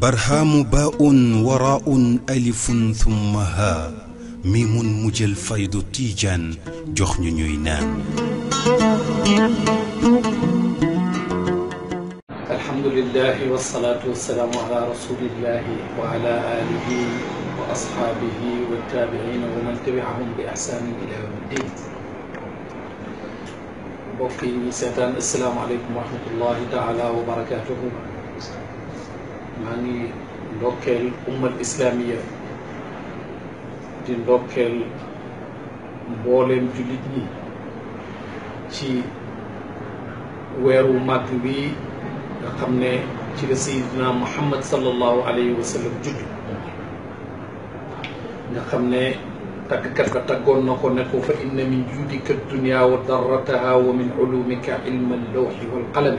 برهام باء وراء ألف ثم ها ميم مجل فيض تيجان جخن نينان الحمد لله والصلاة والسلام على رسول الله وعلى آله وأصحابه والتابعين ومن تبعهم بإحسان إلى يوم الدين بوقي سيدان السلام عليكم ورحمة الله تعالى وبركاته ماني يعني لوكل أمة الإسلامية دين لوكل بولم جلدني شي ويرو ماتوي رقمنا شي سيدنا محمد صلى الله عليه وسلم جلد نقمنا تكتك تقول نقول فإن من جودك الدنيا وذرتها ومن علومك علم اللوح والقلم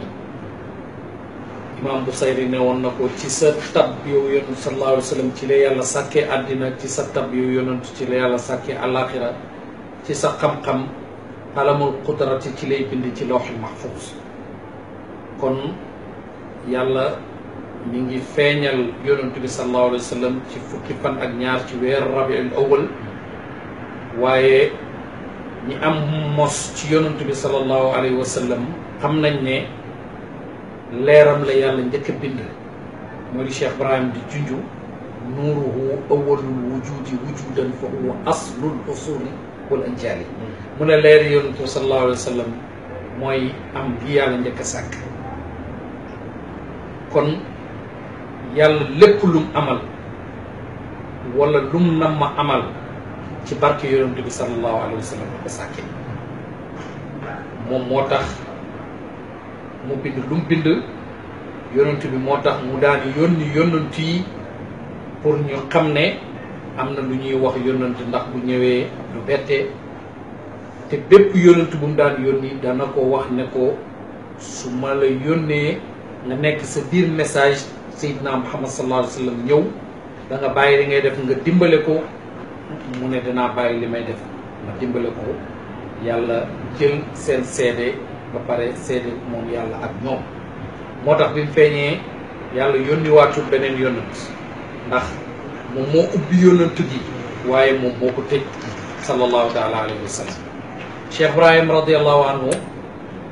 إمام بصير نقول نقول تسا تبيو يونس صلى الله عليه وسلم تلي على ساكي أدنى تبيو يونس تلي على على آخرة تسا قم قم قلم القدرة تلي بند تلوح المحفوظ كن يلا مينغي فينال يونس صلى الله عليه وسلم تفكي فان أجنار تبير ربيع الأول waaye ñi am mos ci yonantu bi sallallahu alayhi wa xam nañ ne leeram la yàlla njëkk a bind moo di Cheikh Ibrahim di junju nuuruhu awalul wujudi wujudan fa huwa aslul wal anjaali mu ne leer yonantu sallallahu alayhi wa sallam mooy am gi yàlla njëkk a kon yàlla lépp lum amal wala lum nam ma amal ci barke yonent bi sallallahu alayhi wa sallam ko sàkkee moom moo tax mu bind lu mu bind yonent bi moo tax mu daan yónni yonent yi pour ñu xam ne am na lu ñuy wax yonent ndax bu ñëwee lu bette te bépp yonent bu mu daan yónni dana ko wax ne ko su ma la yónnee nga nekk sa biir message Seydina Muhammad sallallahu alayhi wa sallam ñëw da bàyyi li ngay def nga dimbale ko mune dana bàyyi limay def ma dimbale ko yàlla jël sen cédé ba pare cédé mom yàlla ak ñom motax bimu bi yàlla yónni waatu benen yonent ndax mom mo ubbi yonent gi waye mom moo tëj sallallahu taala alayhi wasallam Cheikh Ibrahim radiyallahu anhu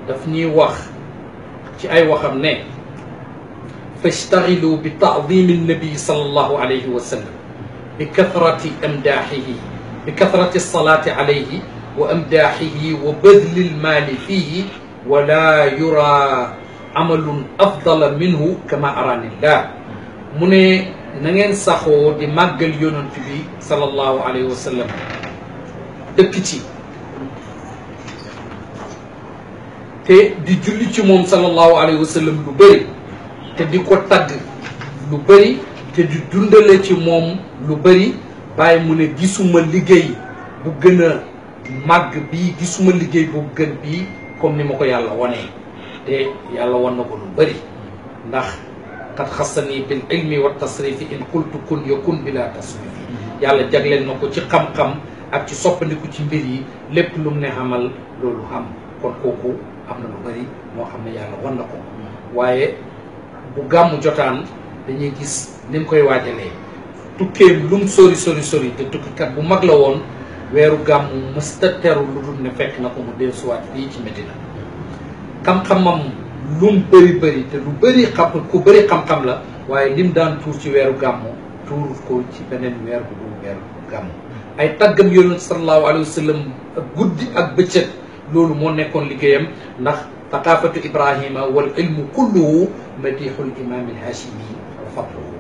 daf ñi wax ci ay waxam ne fashtaghilu bi ta'dhim an nabi sallallahu alayhi wasallam بكثرة أمداحه بكثرة الصلاة عليه وأمداحه وبذل المال فيه ولا يرى عمل أفضل منه كما أراني الله من نين سخو دي ماغل يونت صلى الله عليه وسلم دكتي تي دي julli صلى الله عليه وسلم wa sallam lu bëri te di ko te di dundale ci moom lu bari bàyyi mu ne gisuma liggéey bu gën a màgg bii gisuma liggéey bu gën bi comme ni ma ko yàlla wonee te yàlla won na ko lu bari ndax kat xasani bil ilmi wa tasrifi in qultu kun yakun bila tasrifi yàlla jagleel na ko ci xam-xam ak ci soppandiku ci mbir yi lépp lu mu ne xamal loolu xam kon kooku am na lu bari moo xam ne yàlla won na ko waaye bu gàmmu jotaan dañuy gis ni koy waajalee tukkeem lu mu sori sori sori te tukkikat bu mag la woon weeru gàmmu mësta teru lu dul ne fekk na ko mu dellusiwaat fii ci Medina xam-xamam lu mu bëri bëri te lu bëri xam ku bëri xam-xam la waaye lim daan tuur ci weeru gàmmu tuur ko ci beneen weer bu dul weeru gàmmu ay tàggam yonent sallallahu alayhi wa sallam guddi ak bëccëg loolu moo nekkoon liggéeyam ndax thaqafatu ibrahima wal ilmu kulluhu madixul imam al yi fàttali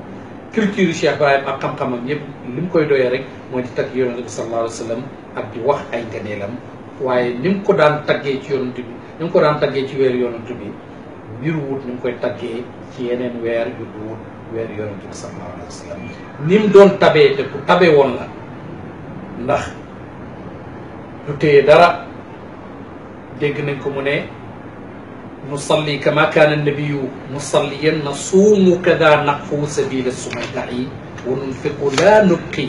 culture yu Cheikh ak xam-xamam yëpp li mu koy doyee rek mooy di tagg yonent bi sallallahu alayhi wa sallam ak di wax ay ngëneelam waaye ni mu ko daan taggee ci yonent bi ni mu ko daan taggee ci weer yonent bi niru wut ni mu koy taggee ci yeneen weer yu du wut weer yonent bi sallallahu alayhi wa sallam ni doon tabee te ku tabe woon la ndax du téye dara dégg nañ ko mu ne نصلي كما كان النبي نصلي نصوم كذا نقفو سبيل السمدع وننفق لا نبقي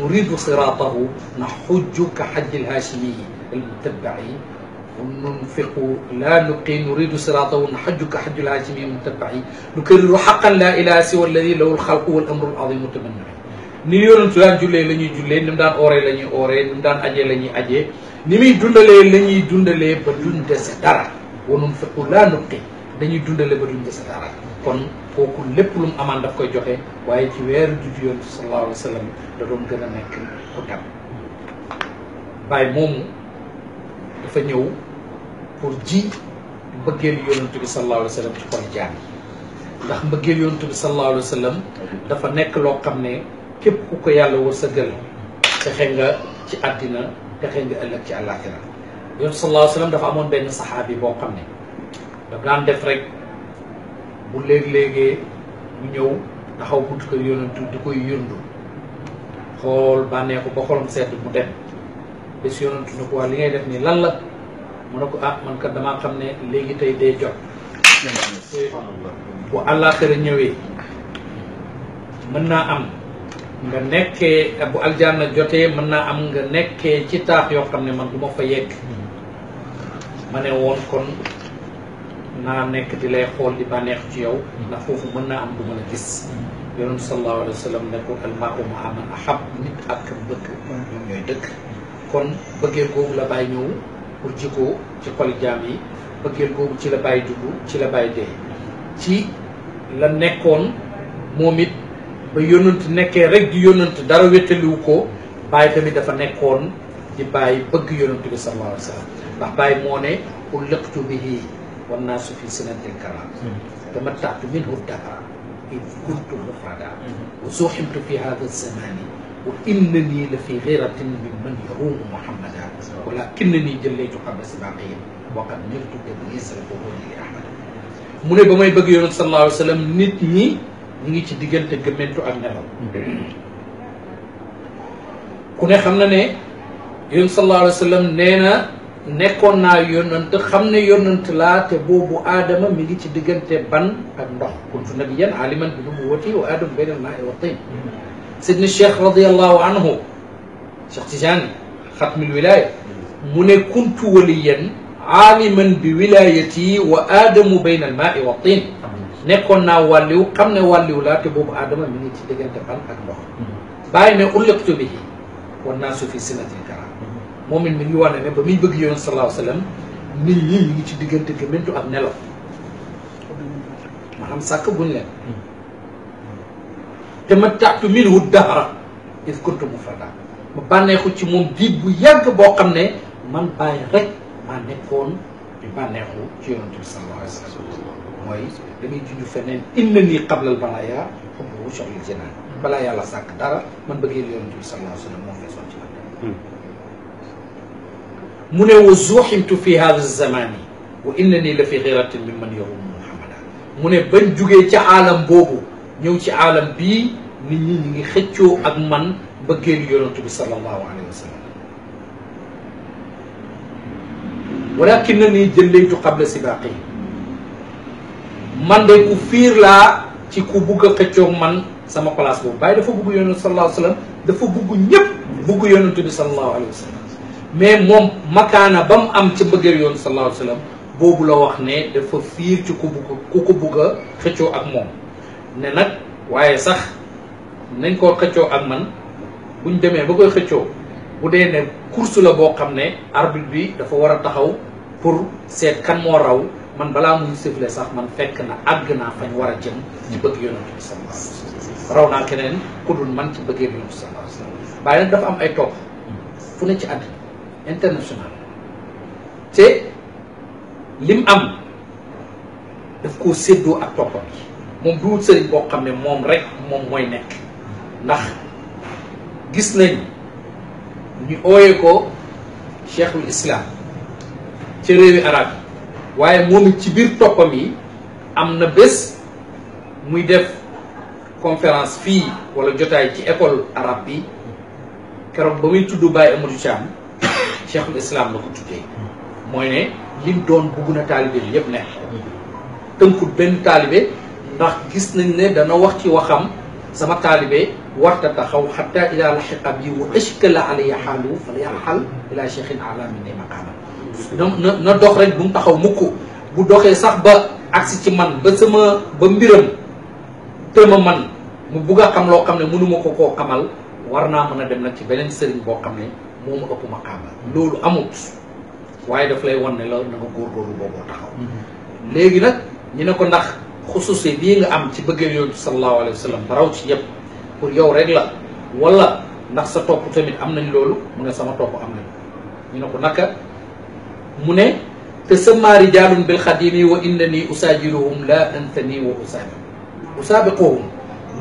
نريد صراطه نحج كحج الهاشمي المتبعي وننفق لا نبقي نريد صراطه نحج كحج الهاشمي المتبعي نكرر حقا لا اله سوى الذي له الخلق والامر العظيم متمنع ni yonentu daan jullee la ñuy jullee ni mu daan ooree la ñuy ooree ni daan ajee la ñuy ni ba duñ dara wanun fiqu laa nutqi dañuy dundale ba duñ des dara kon kooku lépp lu mu amaan daf koy joxe waaye ci weeru juddu yonent sallallahu alayhi wa da doon gën a nekk ku tam bàyyi moomu dafa ñëw pour ji mbëggeel yonent bi sallallahu alayhi wa ci xol jaam ndax mbëggeel yonent bi sallallahu alayhi dafa nekk loo xam ne képp ku ko yàlla wërsëgal texe nga ci àddina texe nga ëllëg ci àllaaxira yonent sallallahu alayhi wasallam dafa amoon benn saxaabi boo xam ne daf daan def rek bu léeg-léegee mu ñëw taxaw bunt kër yonentu di koy yëndu xool bànneeku ba xolam sedd mu dem bés yonentu ne ko waa li ngay def nii lan la mu ne ko ah man kat damaa xam ne léegi tey day jot bu àllaaxira ñëwee mën naa am nga nekkee bu aljanna jotee mën naa am nga nekkee ci taax yoo xam ne man du ma yegg ma ne woon kon naa nekk di lay xool di bànneexu ci yow ndax foofu mën naa am du mën a gis yonent sallallahu alayhi wa sallam ne ko al mar'u ma'a man ahab nit ak kam bëgg ñoom ñooy dëkk kon bëggeel googu la ñëw pour jikoo ci xol jaam yi bëggeel ci la bàyyi dugg ci la bàyyi ci la nekkoon moom it ba yonent nekkee rek di yonent dara wéttaliwu ko bàyyi tamit dafa nekkoon di bàyyi bëgg yonent bi wa sallam باباي موني ألقت به والناس في سنة الكرام تمتعت منه الدهر إذ كنت مفردا وزحمت في هذا الزمان وإنني لفي غيرة ممن يروم محمدا ولكنني جليت قبل سباقين وقد نرت تبليس القبول لأحمد من بما يبقى يونس صلى الله عليه وسلم نتني نيجي تدقل تقمنتو أغنرم كنا خمنا ني يونس صلى الله عليه وسلم نينا nekkoon naa yónnante xam ne yónnante laa te boobu aadama mi ngi ci diggante ban ak ndox kuntu nabiyan aliman bi nubuwati wa aadama bayna almaa'i wa tin sidni cheikh radiallahu anhu cheikh tijani xatmil wilaya mu ne kuntu waliyan aliman bi wilayati wa aadamu bayna almaa'i wa tin nekkoon naa wàlliw xam ne wàlliw laa te boobu aadama mi ngi ci diggante ban ak ndox bàyyi ne ulliqtu bihi wannaasu fi sinatin momit mi ngi wone ne ba mi bëgg yoon alayhi wasallam nit ñi ñu ngi ci ke gëmëntu ak nelaw xam sàkk buñ leen te ma taatu min wu dahra is kuntu mufrada ma banexu ci mom diit bu yagg bo xamne man bàyyi rek ma nekkoon di banexu ci yoon tu sallallahu alayhi Wasallam, moy dañuy da ngay junj feneen inna nii qablal balaya xubbu soxlil jinaan hmm. Balaya la sàkk dara man bëgg yoon tu sallallahu alayhi Wasallam mo moo ci man من وزوحمت في هذا الزمان وانني لفي غيرة ممن يروم محمدا من بن جوغي تي عالم بوبو نيو تي عالم بي نيت ني نيغي خيتيو اك مان بغيل يونت بي صلى الله عليه وسلم ولكنني جليت قبل سباقي من داي كفير لا تي كو بوغا خيتيو مان سما بلاص بو باي دا فا بوغ يونت صلى الله عليه وسلم دا فا بوغ نييب بوغ يونت بي صلى الله عليه وسلم mais moom makaana ba mu am ca mbëggeel yoon sallallahu alayhi boobu la wax ne dafa fiir ci ku bugg ko bugg a xëccoo ak moom ne nag waaye sax nañ koo xëccoo ak man buñ demee ba koy xëccoo bu dee ne course la boo xam ne arbitre bi dafa war a taxaw pour seet kan moo raw man balaa muy sifle sax man fekk na àgg naa fañ war a jëm ci bëgg yonent bi raw naa keneen ku dul man ci bëggee yonent bi sallallahu alayhi dafa am ay topp fu ne ci àddina international te lim am daf koo séddoo ak toppam moom du wut sëriñ boo xam ne moom rek moom mooy nekk ndax gis nañ ñu ooye ko cheikhul islam ci réewi arab yi waaye moom ci biir toppam yi am na bés muy def conférence fii wala jotaay ci école arabe bi keroog ba muy tudd Baye Amadou Thiam cheikhul islam la ko tuddee mooy ne lim doon bugg na taalibe bi yëpp nekk tënkut benn taalibe ndax gis nañ ne dana wax ci waxam sama taalibe warta taxaw xata ila laxiqa bi wa ashkala alaya xaalu fala yaxal ila cheikhin ala na na dox rek bu mu taxaw mukk bu doxee sax ba agsi ci man ba sama ba mbiram ma man mu bugg a xam loo xam ne mënuma ko koo xamal war naa mën a dem nag ci beneen sëriñ boo xam ne moo ma ëpp ma xaama loolu amut waaye daf lay wan ne la na nga góorgóorlu booboo taxaw mhm. léegi nag ñu ne ko ndax xusuuse bii nga am ci bëggeel yooyu sallallahu alayhi wa sallam baraw mhm. ci yëpp pour yow rek la wala ndax sa topp tamit am nañ loolu mu ne sama topp am nañ ñu ne ko naka mu ne te sama rijaalun bil xadimi wa innani usaajiluhum la antani wa usaabi usaabiquhum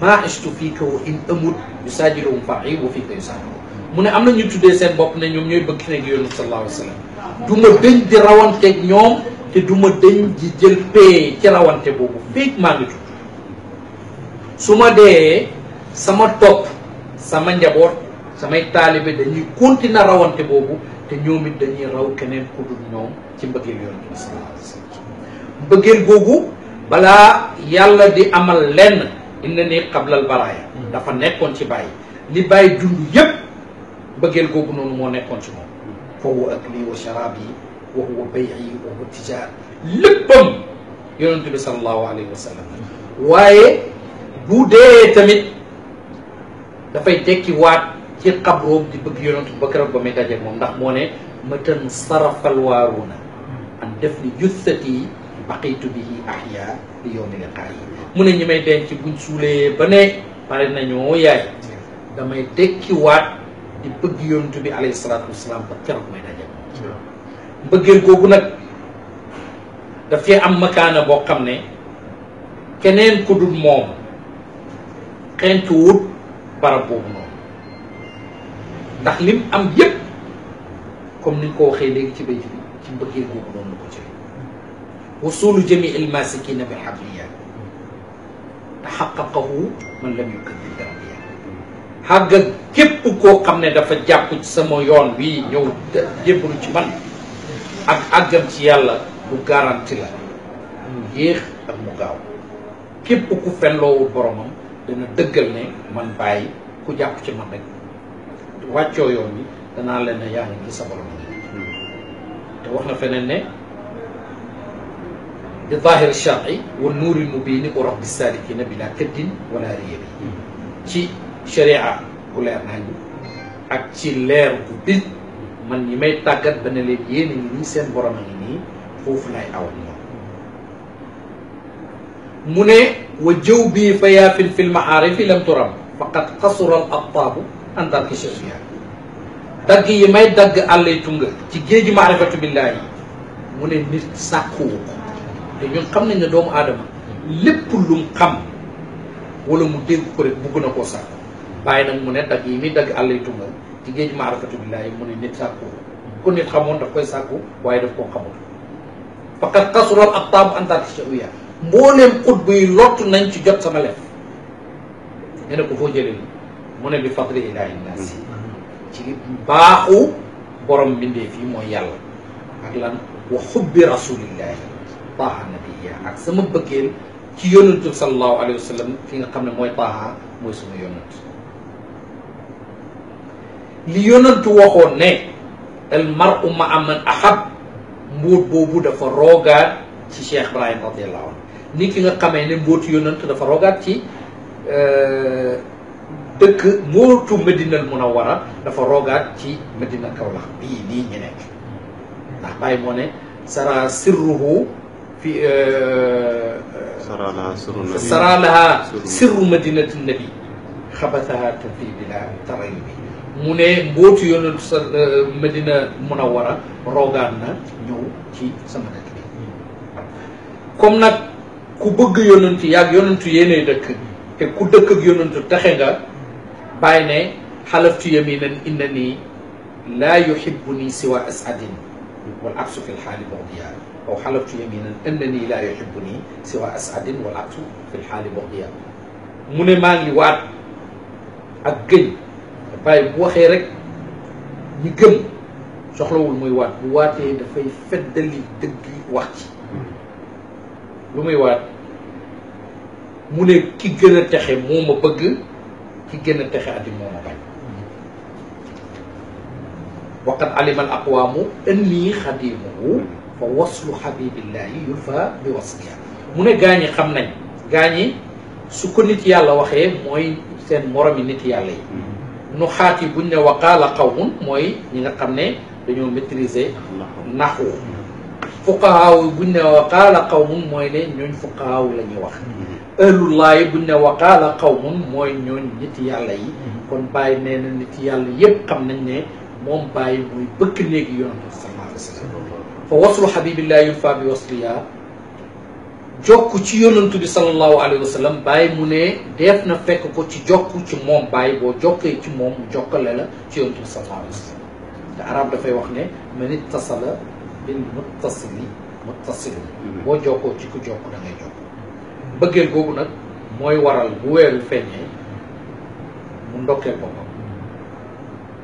ma ishtu fiika wa in amut usaajiluhum faqi wa fiika usaabi mu ne am na ñu tuddee seen bopp ne ñoom ñooy bëgg nekk yoonu sallallahu alayhi wa sallam du ma dëñ di rawanteeg ñoom te du ma dëñ di jël pay ci rawante boobu féeg maa ngi tudd su ma dee sama topp sama njaboot samay taalibe dañuy continuer rawante boobu te ñoom it dañuy raw keneen ku dul ñoom ci mbëggeel yoonu sallallahu alayhi wa sallam mbëggeel googu balaa yàlla di amal lenn inna ni qablal baraaya mm. dafa nekkoon ci bàyyi li bàyyi dund yépp bëggeel googu noonu moo nekkoon ci foo hmm. fa huwa akli wa sharaab yi wa huwa bay yi wa huwa tijaar léppam yonent bi salallahu hmm. waaye bu dee tamit dafay tekki waat ci xabroom di bëgg yonent bi ba keroog ba muy moom ndax moo ne matan sarafal waaruuna hmm. an def ni jussati baqiitu bihi ahya li yowmi liqaa yi mu ne ñi may denc buñ suulee ba ne pare nañoo yaay damay tekki waat di bëgg yonent bi alayhi salaatu wasalaam ba keroog may daje bëggeel kooku nag daf cee am makaana boo xam ne keneen ku dul moom xentu wut barab boobu noonu ndax lim am yépp comme ni nga ko waxee léegi ci béykat bi ci mbëggeel googu noonu la ko jëlee wasulu jami il masikina bi xabliya te xaqaqahu man lam yukaddib xàgg képp koo xam ne dafa jàpp ci sama yoon wi ñëw jébbalu ci man ak àggam ci yàlla bu garanti la mu yéex ak mu gaaw képp ku fenloowul boromam dana dëggal ne man bàyyi ku jàpp ci man rek wàccoo yoon wi danaa leen ne yaa sa borom te wax na feneen ne bi zahir shar'i wa nuuril mubiini wa rabbi salikina bila këddin wala riya bi ci sharia ku leer nañ ak ci leer ku bit man ñi may tagat ben ne leen yéen a ngi seen borom ngi nii lay aw mu ne wa jëw fa fil fil lam turam faqat qasura al attaabu an tarki sharia dag yi may dag àllay tunga ci geejju ma'rifatu billahi mu ne nit sakku ko te ñun xam nañ ne doomu aadama lépp lum xam wala mu dégg ko rek bëgg na ko sàkku bàyyi na mu ne dagg yi muy dagg àll yi tungal ci géej maarifatu billaahi mu ne nit sàkku ku nit xamoon daf koy sàkku waaye daf koo xamul faqat xasural ak taamu antarctique uya mbooleem xut buy lott nañ ci jot sama lef ne ne ko foo jëlee mu ne bi fadli ilaahi naasi ci baaxu borom mbindee fii mooy yàlla ak lan wa xubbi ak sama bëggeel ci yonantu sallallahu alayhi wa sallam fi nga xam ne mooy taaha mooy sama yonant li yonantu waxoon ne al mar'u ma'a man ahab mbóot boobu dafa roogaat ci Cheikh Ibrahim radiallahu anhu ni ki nga xamee ne mbóotu yonant dafa roogaat ci euh, dëkk mbóotu Medinal Munawwara dafa roogaat ci Medina Kawlax bii nii ñu nekk ndax bàyyi moo ne sara sirruhu fi euh, sara laha sirru madinati nabi xabasaha tafi bila tarayn bi mune mbotu mbootu yonent sa Medina Munawara rogaan na ñëw ci sama dëkk bi comme nag ku bëgg yonent yaag yonent yene dëkk te ku dëkk ak yonent taxe nga bàyyi ne yaminan inna nii laa yuhibbu nii siwa asadin wal aksu fil hali boxdiya او حلفت يمينا انني لا يحبني سوى اسعد siwa في الحال بغيا من lxaali boxdiya mu ne waaye bu waxee rek ñi gëm soxlawul muy waat bu waatee dafay feddali dëgg wax ci lu muy waat mu ne ki gën a texe moo ma bëgg ki gën a texe ati moo ma bañ waqad alima al aqwaamu annii xadimuhu fa waslu xabibillahi yulfa bi wasliha mu ne gaañi xam nañ gaañi su ko nit yàlla waxee mooy seen moromi nit yàlla yi نخاتي بن وقال قوم موي نيغا خامني دانيو ميتريزي نحو فقهاء بن وقال قوم موي لي نيون فقهاء لا ني واخ اهل الله بن وقال قوم موي نيون نيت يالا يي كون باي نين نيت يالا ييب خامن ني موم باي موي بك نيك يونس صلى الله عليه وسلم فوصل حبيب الله يوفى بوصليا jokk ci yonantu bi sallallahu alayhi wa bàyyi mu ne def na fekk ko ci jokk ci moom bàyyi boo jokkee ci moom mu jokkale la ci yonantu bi sallallahu alayhi wa te arab dafay wax ne man ittasala bil muttasili muttasil mm-hmm. boo jokkoo ci ku jokk da jokk bëggeel googu nag mooy waral bu weeru feeñee mu ndokkeel boppam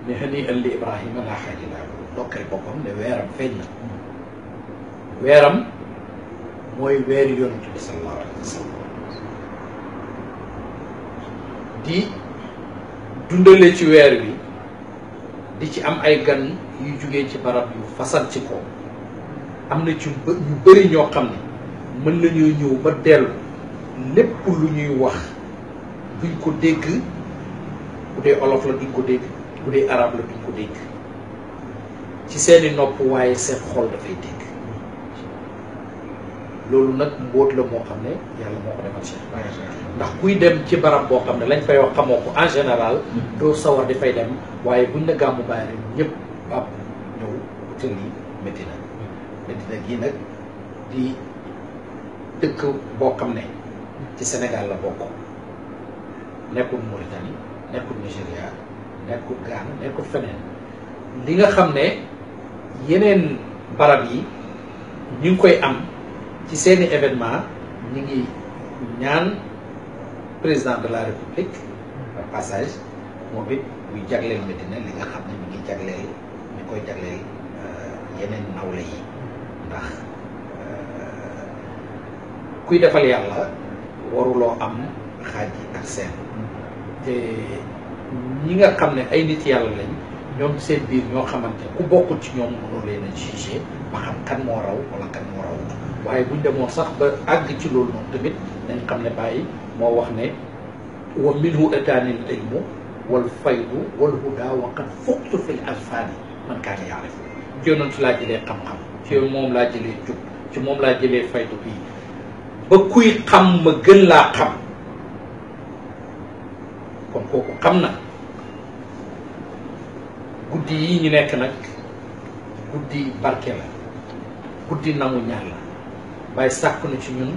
ne xëni ëlli ibrahima laa xaji laa ndokkeel boppam ne weeram feeñ na weeram mooy weeri yonent bi sallallahu di dundale ci weer wi di ci am ay gan yu jugee ci barab yu fasan ci ko am na ci ñu bëri ñoo xam ne mën nañoo ñëw ba dellu lépp lu ñuy wax duñ ko dégg bu dee olof la duñ ko dégg bu arab la duñ ko dégg ci seeni nopp waaye seen xol dafay dégg loolu nag mbóot la moo xam ne yàlla moo ko defal Cheikh ndax kuy dem ci barab boo xam ne lañ fay wax xamoo ko en général mm-hmm. doo sawar di fay dem waaye buñ la gàmmu bàyyi rek ñëw tënk yi métti na métti mm-hmm. gii nag di dëkk boo xam ne ci Sénégal la bokk nekkul Mauritanie nekkul Nigéria nekkul Ghana nekkul feneen li nga xam ne yeneen barab yi ñu ngi koy am ci seeni événement ñi ngi ñaan président de la république par passage moom it muy jagleel Médina li nga xam ne mi ngi jagleel ñu koy jagleel euh, yeneen nawle yi ndax euh, kuy defal yàlla waruloo am xaaj ak seen te ñi nga xam ne ay nit yàlla lañ ñoom seen biir ñoo xamante ku bokkul ci ñoom mënoo leen a jugé ba xam kan moo raw wala kan moo rawut waaye buñ demoon sax ba àgg ci loolu moom tamit nañ xam ne bàyyi moo wax ne wa minhu ataanil ilmu wal faydu wal huda wa qad fuqtu fil alfaani man kaana yaarif ci yonentu laa jëlee moom laa jëlee moom laa jëlee faydu bii ba kuy xam ma gën laa xam kon kooku xam na guddi yi ñu nekk nag guddi barke la guddi nangu ñaar la waaye sàkk na ci ñun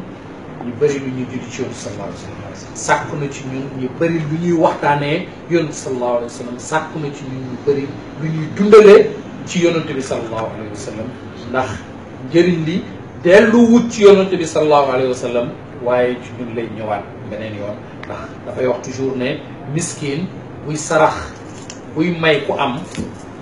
ñu bëri lu ñuy julli ci yonent sallallahu alayhi sàkk na ci ñun ñu bëri lu ñuy waxtaanee yonent sallallahu alayhi na ci ñun ñu ñuy dundalee ci yonent bi sallallahu alayhi wa ndax njëriñ li dellu ci yonent bi sallallahu alayhi waaye ci ñun lay ñëwaat beneen yoon ndax dafay wax toujours ne miskin buy sarax kuy may ku am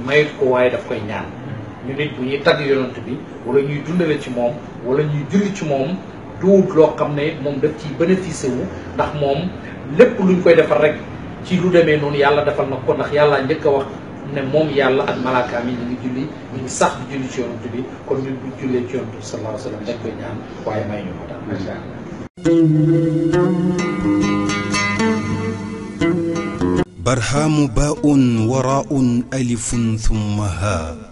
mayit ko waaye daf koy ñaan ñu bu ñuy tagg yonent bi wala ñuy dundale ci moom wala ñuy julli ci moom duut loo xam ne moom daf ciy bénéficié wu ndax moom lépp luñ koy defal rek ci lu demee noonu yàlla defal na ko ndax yàlla njëkk a wax ne moom yàlla ak malaakaam yi ñu ngi julli ñu ngi sax di julli ci yonent bi kon bu jullee ci yonent bi sallallahu alayhi wa sallam koy ñaan waaye may ñu ko daal barhamu baun waraun alifun thumma haa